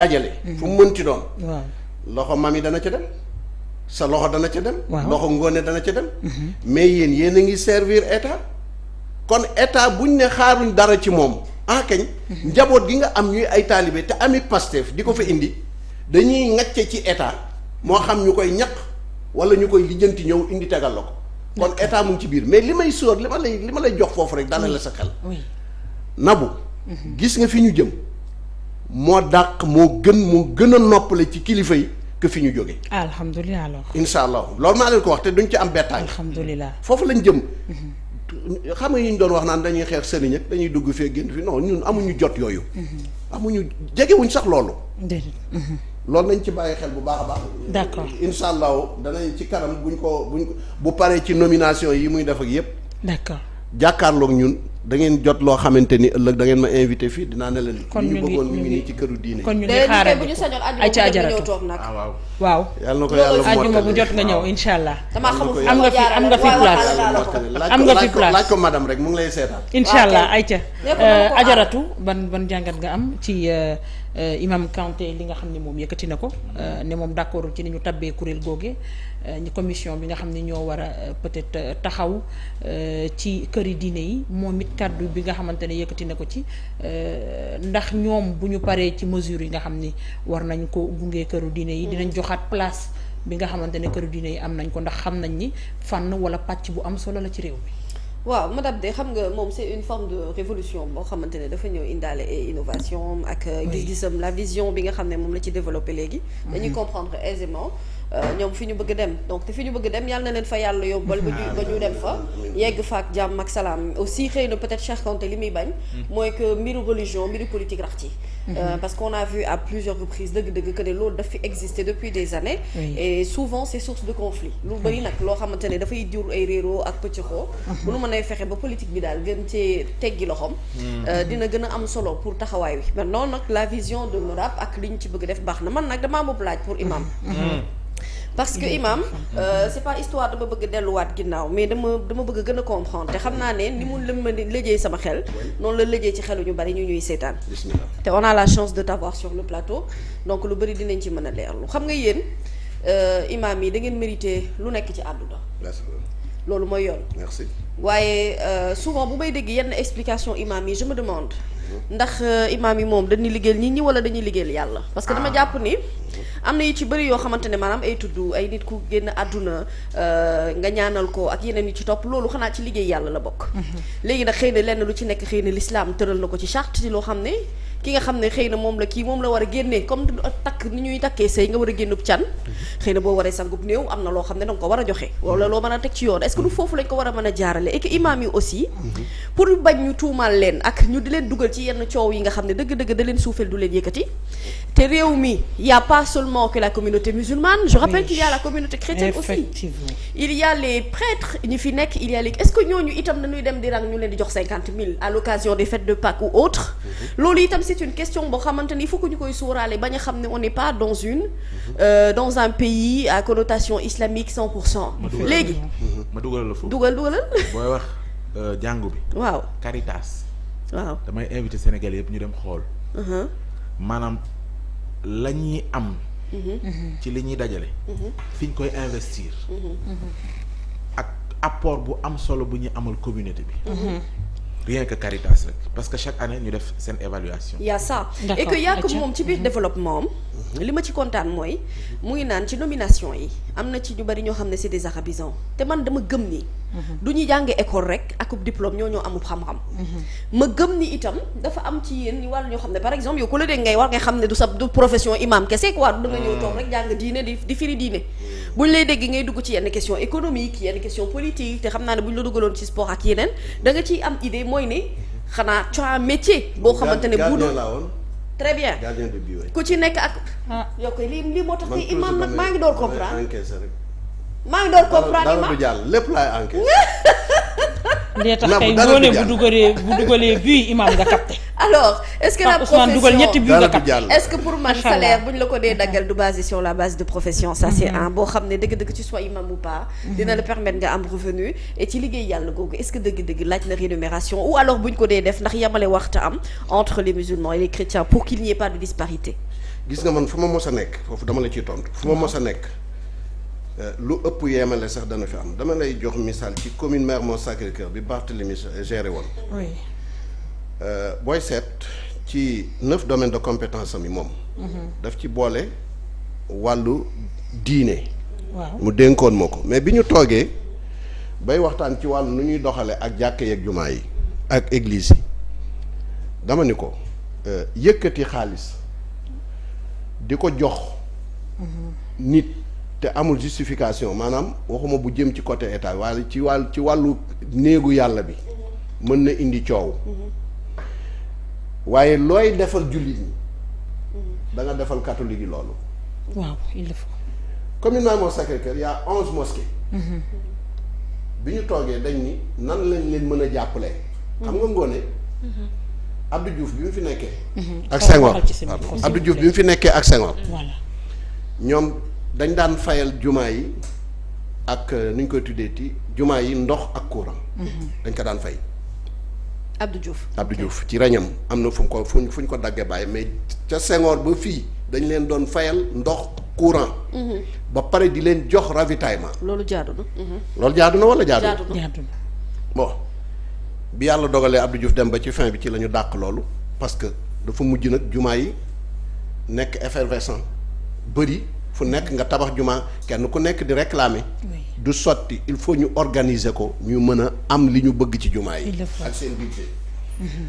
dajale mhm. fu mu mënti doon loxo mami dana ca dem sa loxo dana ca dem loxo ngóone dana ca dem mhm. mais yéen yéen a ngi servir état kon état buñ ne xaaruñ dara ci moom ah mhm. njaboot gi nga am ñuy ay taalibe te ami di ko fa indi dañuy ŋacce ci état moo xam ñu koy ñaq wala ñu koy lijjanti ñëw indi tegal la ko kon état mu ci biir mais li may sóor li ma lay li ma lay jox foofu rek dala la sa xel nabu gis nga fi ñu jëm moo dàq moo gën moo gën a noppale ci kilifa yi que fi ñu jóge alhamdulilah alors. incha allah loolu maa leen ko wax te duñ ci am bettaay. alhamdulilah foofu lañ jëm. Mhm. xam nga yi ñu doon wax naan dañuy xeex sëriñ dañuy dugg fee génn fi non ñun amuñu jot yooyu. Mhm. amuñu jegewuñ sax loolu. déedéet. Mhm. loolu nañ ci bàyyi xel bu baax a baax. d'accord incha allah danañ ci kanam buñ ko buñ ko bu paree ci nomination yi muy def ak yépp. d'accord jàkkaarloog ñun. da ngeen jot loo xamante ni ëllëg da ngeen ma invité fii dinaa ne leen. kon ñu bëggoon mi ngi nii ci këru diine. kon ñu ngi xaaral ay ca ajaratu toog nag. Ah, waaw waaw. yàlla na ko yàlla mottali àjjuma jot nga ñëw allah. dama xamul nga fi am nga fi am nga fi place laaj rek mu ngi lay seetaan. ay ca ajaratu ban ban jàngat nga am ci. Euh, euh, imam Kanté li nga xam ne moom yëkkati na ko euh, ne moom d'accord ci ni ñu tabbee kuréel googe ñu commission bi nga xam ne ñoo war a peut-être taxaw ci këri diine yi moom it kaddu bi nga xamante ne yëkkati na ko ci euh, ndax ñoom bu ñu paree ci mesures yi nga xam ni war nañ ko gunge këru diine yi dinañ joxaat place bi nga xamante ne këru diine yi am nañ ko ndax xam nañ ni fànn wala pàcc bu am solo la ci réew mi waaw madame de xam nga moom c'est une forme de révolution boo xamante ne dafa ñëw indaale et innovation ak euh, gis-gisam la vision bi nga xam ne moom la ci développé léegi mm-hmm. dañuy comprendre aisément Euh, ñoom fi ñu bëgg dem donc te fi ñu bëgg dem yàlla na leen fa yàlla yóbbal ba ñu ba dem fa yegg fa ak jàmm ak salaam aussi xëy na peut-être Cheikh li muy bañ mooy que mbiru religion mbiru politique rax ci euh, mhm. parce qu'on a vu à plusieurs reprises dëgg que ne loolu daf fi existé depuis des années et souvent c'est source loo xamante ne dafay jur ay réeroo ak pëccëxoo bu mhm. nu mënee fexe ba politique bi daal gën cee teggi loxoom mhm. euh, dina gën a am solo pour taxawaay wi maintenant nag la vision de l'ORAP ak li ñu ci bëgg def baax na man nag damaa mob laaj pour imam parce que imam euh, c'est pas histoire dama bëgg delluwaat ginnaaw mais dama dama bëgg gën a comprendre te xam naa ne ni mu lëm ma lëjee sama xel noonu la lëjee ci xelu ñu bari ñu ñuy seetaan te on a la chance de t'avoir sur le plateau donc lu bari dinañ ci mën a leerlu xam nga yéen euh, imam yi da ngeen mérité lu nekk ci àdduna loolu mooy yoon waaye euh, souvent bu may dégg yenn explication imam yi je me demande mhm. ndax euh, imam yi moom dañuy liggéeyal nit ñi wala dañuy liggéeyal yàlla parce que dama ah. jàpp ni am na yu ci bëri yoo xamante ne maanaam ay tudd ay nit ku génn àdduna euh, nga ñaanal ko ak yeneen yu ci topp loolu xanaa ci liggéey yàlla la bokk mm-hmm. léegi nag xëy na lenn lu ci nekk xëy na l'islam tëral na ko ci charte ti loo xam ne ki nga xam ne xëy na moom la moom la war a génnee comme takk ni ñuy takkee sëy nga war a génnub mm-hmm. na boo waree sangub néew am na loo xam ne danga ko war a joxe wala loo mën a teg ci yoon est-ce que du mm-hmm. foofu war a a jaarale et que imaam yi aussi pour ñu tuumaal leen ak ñu di leen dugal ci yenn coow yi nga xam ne dëgg-dëgg da leen suufeel du leen yëkkati te réew mi y pas seulement que la communauté musulmane je rappelle oui. qu'il y la communauté chrétienne aussi il y a les ñu fi nekk il y a que est-ce que ñooñu itam dañuy dem di rang ñu leen di jox cinquante mille à l'occasion des fêtes de Pâques ou autres mhm. loolu itam c'est une question boo xamante ni il faut que ñu koy suuraale bañ a xam ne on n'est pas dans une mhm. euh, dans un pays à connotation islamique léegi mhm. ma dugalal la foofu dugal dugalal booy wax euh, jàngu bi waaw Caritas waaw invité Sénégal yëpp ñu dem xool uh-huh. la ñuy am mhm. ci li ñuy dajale mhm. fi ñu koy investir mhm. ak apport bu am solo bu ñu amal communauté bi rien que Caritas rek parce que chaque année ñu def seen évaluation y a ça et que moom ci biir développement am li ma ci kontaan mooy mu ngi naan ci nomination yi am na ci ñu bari ñoo xam ne c'est des arabisants te man dama gëm ni Mm-hmm. du ñu jàng école rek akub diplôme ñoo ñoo amul xam-xam. Mm-hmm. ma gëm ni itam dafa am ci yéen ñu war ñoo xam ne par exemple yow ku la dégg ngay war ngay xam ne du sa du profession imam kese quoi du danga ñëw toog rek jàng diine di di firi diine. Mm-hmm. bu ñu lay dégg ngay dugg ci yenn question économique yenn question politique te xam naa ne bu ñu la duggaloon ci sport ak yeneen da nga ciy am idée mooy ne xanaa tu métier. boo xamante ne bu dul très bien gardien de but ku ci nekk ak. Ah. yow kay lii lii moo tax. imam nag maa maa ngi doon comprendre ma lépp laay enquête. dee tax kay ngoone bu dugalee bu dugalee imam nga capté. alors est ce que la profession dugal ñetti bii nga capté est ce que pour ko dee daggal du basé sur la base de profession. ça c' est mm-hmm. boo xam ne dëgg-dëgg tu sois imam ou pas. Mm-hmm. dina la permettre nga am revenu. et ci liggéey yàlla googu est ce que dëgg-dëgg laaj na rémunération ou alors bu ñu ko dee def ndax yamale waxta am entre les musulmans les chrétiens pour qu'il n'y pas de disparité. gis nga man fu ma mos a nekk foofu dama la ciy tontu fu nekk. Euh, lu ëpp yeemale sax dana fi am dama lay jox misaal ci commune Mermoz Sacré-Cœur bi Barthélemy euh, géré woon. oui euh, booy seet ci neuf domaines de compétence am yi moom. Mhm. daf ci boole wàllu diine. mu dénkoon ma ko mais bi ñu toogee bay waxtaan ci wàllu nu ñuy doxale ak jàkka yeeg jumaa yi ak église yi dama ni ko yëkkati xaalis di ko jox mhm. nit. te amul justification maanaam waxuma bu jëm ci côté état waaye ci wàll ci wàllu néegu yàlla bi mën na indi coow waaye looy defal jullit ñi da defal catholique yi loolu. waaw il le faut. communément moo sacré onze mosquées. Mhm. bi ñu toogee dañ ni nan lañ leen mën a jàppalee. xam nga ngoone. Mhm. Abdou Diouf bi mu fi nekkee. Mhm. ak Senghor Abdou Diouf bi mu fi nekkee ak Senghor. ñoom. dañ daan fayal jumaa yi ak euh, nu ñu koy tuddeeti jumaa yi ndox ak courant. Mhm. dañ ko daan fay. Abdou Diouf Abdou Diouf ci reñam am na fu ñu ko fu ñu ko daggee bàyyi mais ca Senghor ba fii dañ leen doon fayal ndox courant. Mhm. ba pare di leen jox ravitaillement. loolu jaadu na. Mhm. loolu jaadu na walla jaadu na bon bi yàlla dogalee Abdou Diouf dem ba ci fin bi ci la ñu dàq loolu parce que dafa mujj nag jumaa yi nekk effervescent bëri. fu nekk nga tabax jumaa kenn ku nekk di réclamer du sotti il faut ñu organiser ko ñu mën a am li ñu bëgg ci jumaa yi ak seen budget mhm.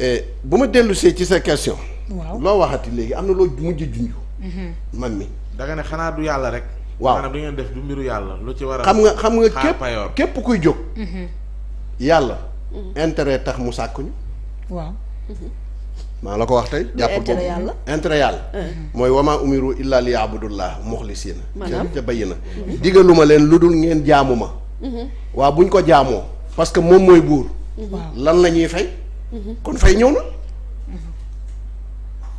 eh, bu ma dellusee ci sa question waaw loo waxati léegi am na loo mujj junj mhm. man mi danga ne xanaa du yàlla rek waaw maanaam def du mbiru yàlla lu ci war xam nga xam nga képp képp kuy jóg mhm. yàlla intérêt tax mu sàkkuñu waaw maa la ko wax tey. jàppal boobu intérêt yàlla euh. mooy wama umiru illa li abudullah muxlisiina ca bayi na digaluma leen lu dul ngeen jaamu ma mhm. waa buñ ko jaamoo parce que moom mooy buur mhm. lan la ñuy fay mhm. kon fay ñëw na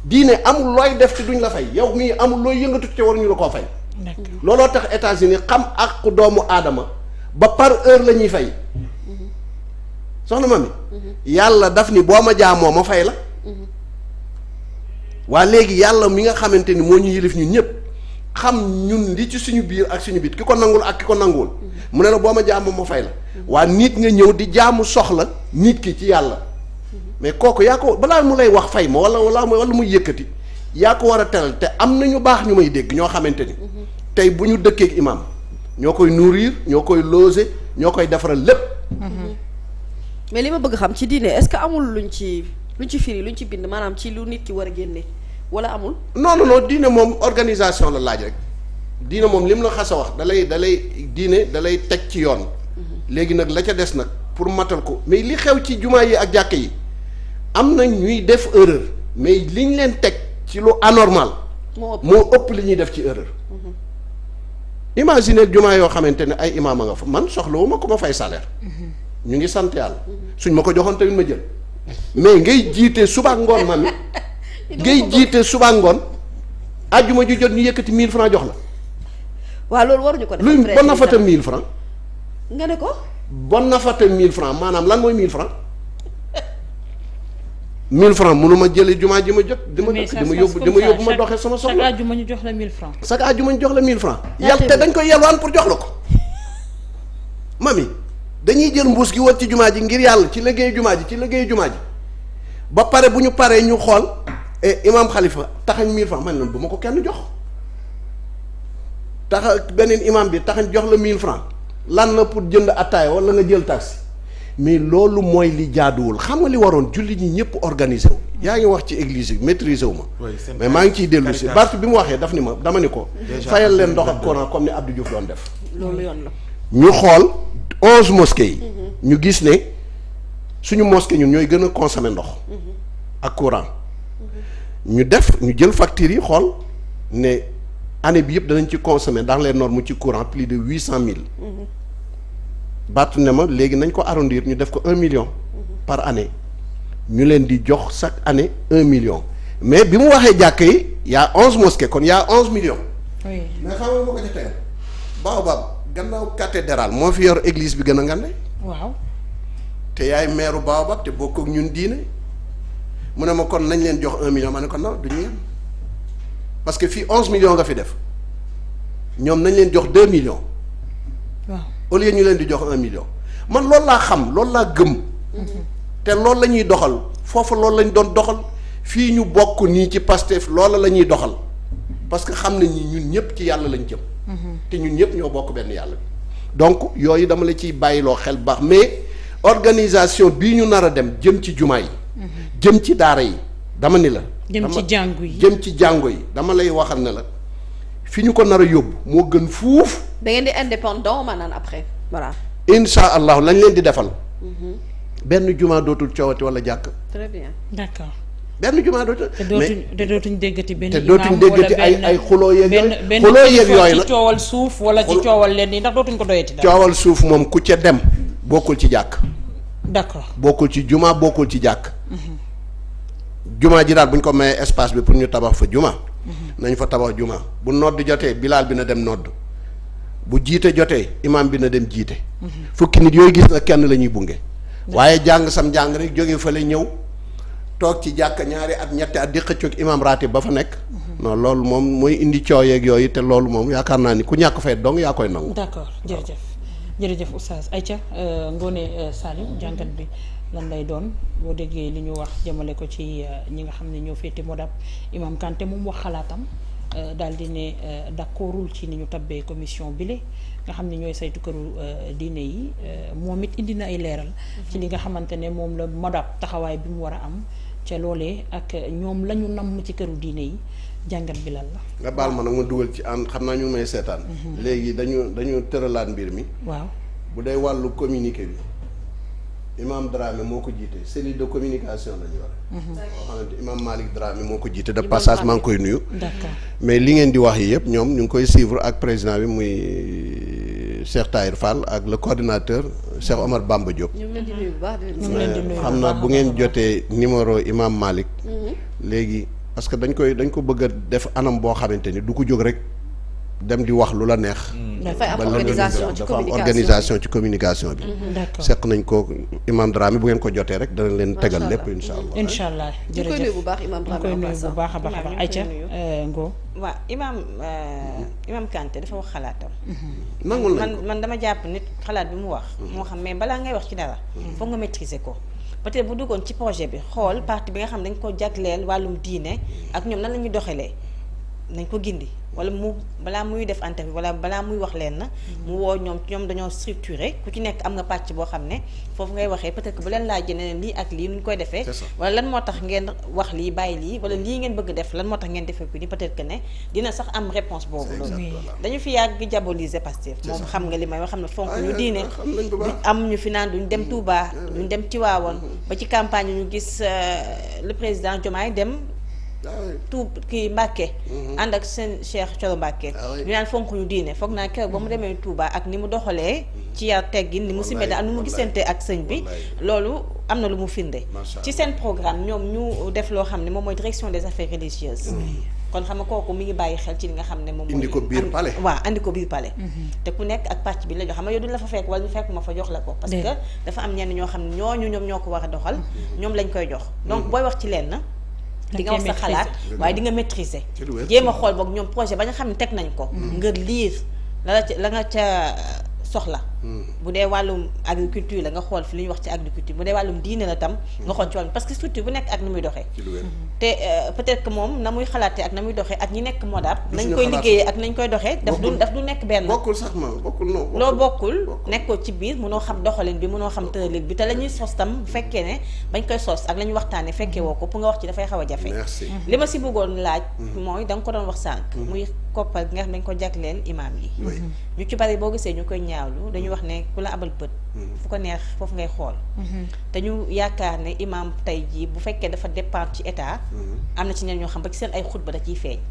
diine amul looy def ci duñ la fay yow mii amul looy yëngatu ci waruñu la koo fay looloo tax États-Unis xam ak doomu aadama ba par heure la ñuy fay soxna ma mi yàlla daf ni boo ma jaamoo ma fay la waa léegi yàlla mi nga xamante ni moo ñu yilif ñun ñëpp xam ñun li ci suñu biir ak suñu biir ki ko nangul ak ki ko nanguwul mm-hmm. mu ne la boo ma jaamu ma fay la mm-hmm. waa nit nga ñëw di jaamu soxla nit ki ci yàlla mm-hmm. mais kooku yaa ko balaa mu lay wax fay ma wala wala wala muy yëkkati yaa ko war a teral te am na ñu baax ñu may dégg ñoo xamante ni tey bu ñu dëkkeek imaam ñoo koy nourrir ñoo koy loger ñoo koy defaral lépp mais li ma bëgg xam ci diine est-ce que amul luñ ci luñ ci firi luñ ci bind maanaam ci lu nit ki war a génne wala amul. non non non diine moom organisation la laaj rek diine moom lim la xas a wax dalay lay diine dalay teg ci yoon. Mhm. léegi nag la ca des nag pour matal ko mais li xew ci jumaa yi ak jàkk yi am na ñuy def erreur mais liñ leen teg ci lu anormal. moo ëpp li ñuy def ci erreur. Mhm. imaginer jumaa yoo xamante ne ay imaam a nga fa man soxlawuma ko ma fay salaire. Mhm. ñu ngi sant yàlla. suñ ma ko joxoon tamit ma jël. mais ngay jiite suba ngoon mami ngay jiite suba ngoon àjjuma ju jot ñu yëkkati 1000 francs jox la. waaw loolu waruñu ko def. luy bon na fata 1000 francs nga ne ko. bon na fata 1000 francs maanaam lan mooy 1000 francs 1000 francs mënuma jëlee jumaa ji ma jot. dama dëkk dama yóbbu dama yóbbu ma doxee sama soxla. chaque àjjuma ñu jox la 1000 francs. chaque àjjuma ñu jox la 1000 francs. yàlla te dañ koy yelwaan pour jox la ko mami. dañuy jël mbuus gi wër ci jumaa ji ngir yàlla ci liggéey jumaa ji ci liggéey jumaa ba pare bu ñu paree ñu xool eh, imaam xalifa taxañ mille man leen bu ma ko kenn jox tax beneen imaam bi taxañ jox la mille francs lan la pour jënd attaay wala nga jël taxi mais loolu mooy li jaaduwul xam nga li waroon jullit ñi ñëpp organiser wu yaa ngi wax ci église yi maîtriser wu ma mais maa ngi ciy dellu si bi mu waxee daf ni ma dama ni ko fayal leen ndox ak courant comme ni Abdou Diouf doon def loolu yoon la ñu xool onze mosquées yi. ñu gis ne suñu mosquée ñun ñooy gën a consommer ndox. ak courant. ñu def ñu jël factures yi xool ne année bi yëpp danañ ci consommer dans les normes ci courant plus de huit cent mille. baat ne ma léegi nañ ko arrondir ñu def ko un million. par année ñu leen di jox chaque année un million mais bi mu waxee jàkk yi y' a onze mosquées kon y' a onze millions. gannaaw cathédrale moo fi yor église bi gën a ngande waaw te yaay meeru Baobab te bokk ak ñun diine mu ne ma kon nañ leen jox un million ma ne ko non du ñu yem parce que fii onze million nga fi def ñoom nañ leen jox deux millions. waaw au lieu ñu leen di jox un million man loolu laa xam loolu laa gëm. te loolu la ñuy doxal foofu loolu lañ doon doxal fii ñu bokk nii ci Pastef loola la ñuy doxal parce que xam nañ ni ñun ñëpp ci yàlla lañ jëm. te ñun ñëpp ñoo bokk benn yàlla bi donc yooyu dama la ciy bàyyiloo xel bu baax mais organisation bii ñu nar a dem jëm ci jumaa yi jëm ci daara yi dama ni la jëm ci jàngu yi jëm ci jàngu yi dama lay waxal ne la fi ñu ko nar a yóbbu moo gën fuuf da ngeen di indépendant maanaam après voilà incha allahu lañ leen di defal mhm. benn jumaa dootul coowati wala jàkk très bien d'accord benn jumaa dootul. mais te dootuñ déggati benn. imaam wala benn ay ay xuloo yeeg yooyu. xuloo yeeg la ci coowal suuf wala ci coowal leen yi ndax dootuñ ko doyati. coowal suuf moom ku ca dem bokkul ci jàkk. d'accord bokkul ci jumaa bokkul ci jàkk. jumaa ji daal bu ñu ko mayee espace bi pour ñu tabax fa jumaa. nañ fa tabax jumaa bu nodd jotee bilaal bi na dem nodd bu jiite jotee imaam bi na dem jiite. fukki nit yooyu gis na kenn lañuy bunge. waaye jàng sam jàng rek jóge fa la ñëw. toog ci jàkk ñaari at ñetti at di xëccoog imam ratib ba fa nekk loolu moom mooy indi cooyeeg yooyu te loolu moom yaakaar naa ni ku ñàkk fay dong yaa koy nangu d'accord jërëjëf jërëjëf oustaz Aïcha euh, ngoone euh, Saliou jàngat bi lan lay doon boo déggee li ñu wax jëmale ko ci euh, ñi nga xam ne ñoo féete modab imam Kanté moom wax xalaatam daal di ne d'accordul ci ni ñu tabbee commission bile nga xam ne ñooy saytu këru euh, diine yi euh, moom it indi na ay leeral mhm. ci li nga xamante ne moom la modab taxawaay bi mu war a am ca loolee ak ñoom la ñu namm ci këru diine yi jàngat bi lan la. nga baal ma nag ma dugal ci ànd xam naa ñu may seetaan. Mhm. léegi dañu dañu tëralaat mbir mi. waaw bu dee wàllu communiqué bi. imam Dramé moo ko jiite cellule de communication la ñu a mhm. boo xamante imam Malick Dramé moo ko jiite de passage maa ngi koy nuyu. d'accord mais li ngeen di wax yëpp ñoom ñu ngi koy suivre ak président bi muy. Cheikh Tahir Fall ak le coordinateur Cheikh Omar Bamba Diop. xam naa bu ngeen jotee numéro Imam Malick mhm. léegi parce que dañ koy dañ ko bëgg a def anam boo xamante ni du ko jóg rek dem di wax lu la neex. Mm. dafa am organisation ci communication ci communication bi. Mm-hmm. sekk nañ ko imam Dramé bu ngeen ko jotee rek danañ leen tegal lépp incha allah. incha allah jërëjëf baax imam Dramé koy nuyu bu baax a baax a baax Aïcha euh, Ngo. waaw imam euh, imam dafa wax xalaatam. Mm-hmm. nangul man man dama jàpp nit xalaat bi mu wax. Mm-hmm. moo xam mais balaa ngay wax ci dara. foog nga maîtriser ko. peut-être bu duggoon ci projet bi xool parti bi nga xam dañ ko jagleel wàllum diine ak ñoom nan la ñuy doxalee. nañ ko gindi wala mu balaa muy def interview wala balaa muy wax leen na mm-hmm. mu woo ñoom ñoom dañoo structuré ku ci nekk am nga pàcc boo xam ne foofu ngay waxee peut-être ba bu leen laajee ne lii ak lii nu ñu koy defee wala lan moo tax ngeen wax lii bàyyi lii wala lii ngeen bëgg def lan moo tax ngeen defee ko ni peut-être que ne dina sax am réponse boobu loolu dañu fi yàgg diaboliser Pastef moom xam nga li may wax xam ne fonk ñu diine am ñu fi naan duñ dem mm-hmm. Touba duñ dem Tiwaawoon mm-hmm. ba ci campagne ñu gis euh, le président Diomaye dem tout kii Mbàkke mhm. ànd ak seen Cheikh Coro Mbàkke ah ñu naan fonk ñu diine foog naa keroog ba mu mhm. demee Touba ak ni mu doxalee mhm. ci yar teggin ni mu simee ak ni mu gisante ak sëñ bi loolu am na lu mu firnde ci seen programme ñoom ñu def loo xam ne moom mooy direction des affaires religieuses kon xam nga kooku mi ngi bàyyi xel ci li nga xam ne moom mooy di ko biir palais waaw andi ko biir palais te ku nekk ak pàcc bi la jox xam nga yow duñu la fa fekk wala ñu fekk fa jox la ko parce que dafa am ñenn ñoo xam ne ñooñu ñoom ñoo ko war a doxal ñoom lañ koy jox wax ci leen na di nga wax sa xalaat waaye dinga nga maîtriser jéem a xool boog ñoom projet ba nga xam ne teg nañ ko mm-hmm. ngir lire la la ca la nga ca soxla bu dee wàllum agriculture la nga xool fi lu ñuy wax ci agriculture bu dee wàllum diine la tam. nga xool ci wàllum parce que structure bu nekk ak nu muy doxee. te euh, peut-être que moom na muy xalaatee ak na muy doxee ak ñi nekk Modab. nañ koy liggéeyee ak nañ koy doxee. daf du nekk benn. bokkul sax ma bokkul non. bokkul nekkoo ci biir mënoo xam doxalin bi mënoo xam tëralin bi te la sos tam bu fekkee ne bañ koy sos ak la ñuy waxtaanee fekkee woo ko pour nga wax ci dafay a jafe. Mm-hmm. ma si bëggoon laaj. Mm-hmm. wax ne ku la abal bët mm-hmm. fu ko neex foofu ngay xool dañu mm-hmm. yaakaar ne imam tey jii bu fekkee dafa dépendre ci état mm-hmm. am na ci ñeneen ñoo xam ba ci seen ay xutba da feeñ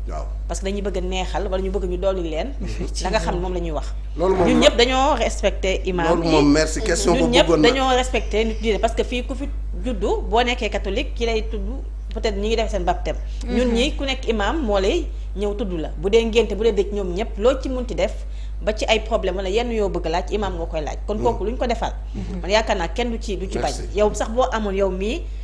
parce que dañuy bëgg a neexal wala ñu bëgg ñu dolli leen la xam ne moom la wax ñun ñëpp dañoo respecté imam loolu ñun ñëpp dañoo respecté nit ñi ngi seen baptême ñun ñi ku nekk imam moo lay ñëw tudd la bu dee ngénte bu dee dëj ñoom ñëpp loo ci mun ci def ba ci ay problème wala yenn yoo bëgg laaj imaam nga koy laaj kon mm. kooku lu ñu ko defal mm-hmm. man yaakaar naa kenn du ci du ci bañ yow sax boo amoon yow mii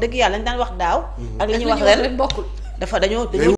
dëgg yàlla lañ daan wax daaw. Mm-hmm. ak li ñuy wax ren bokkul dafa dañoo dañoo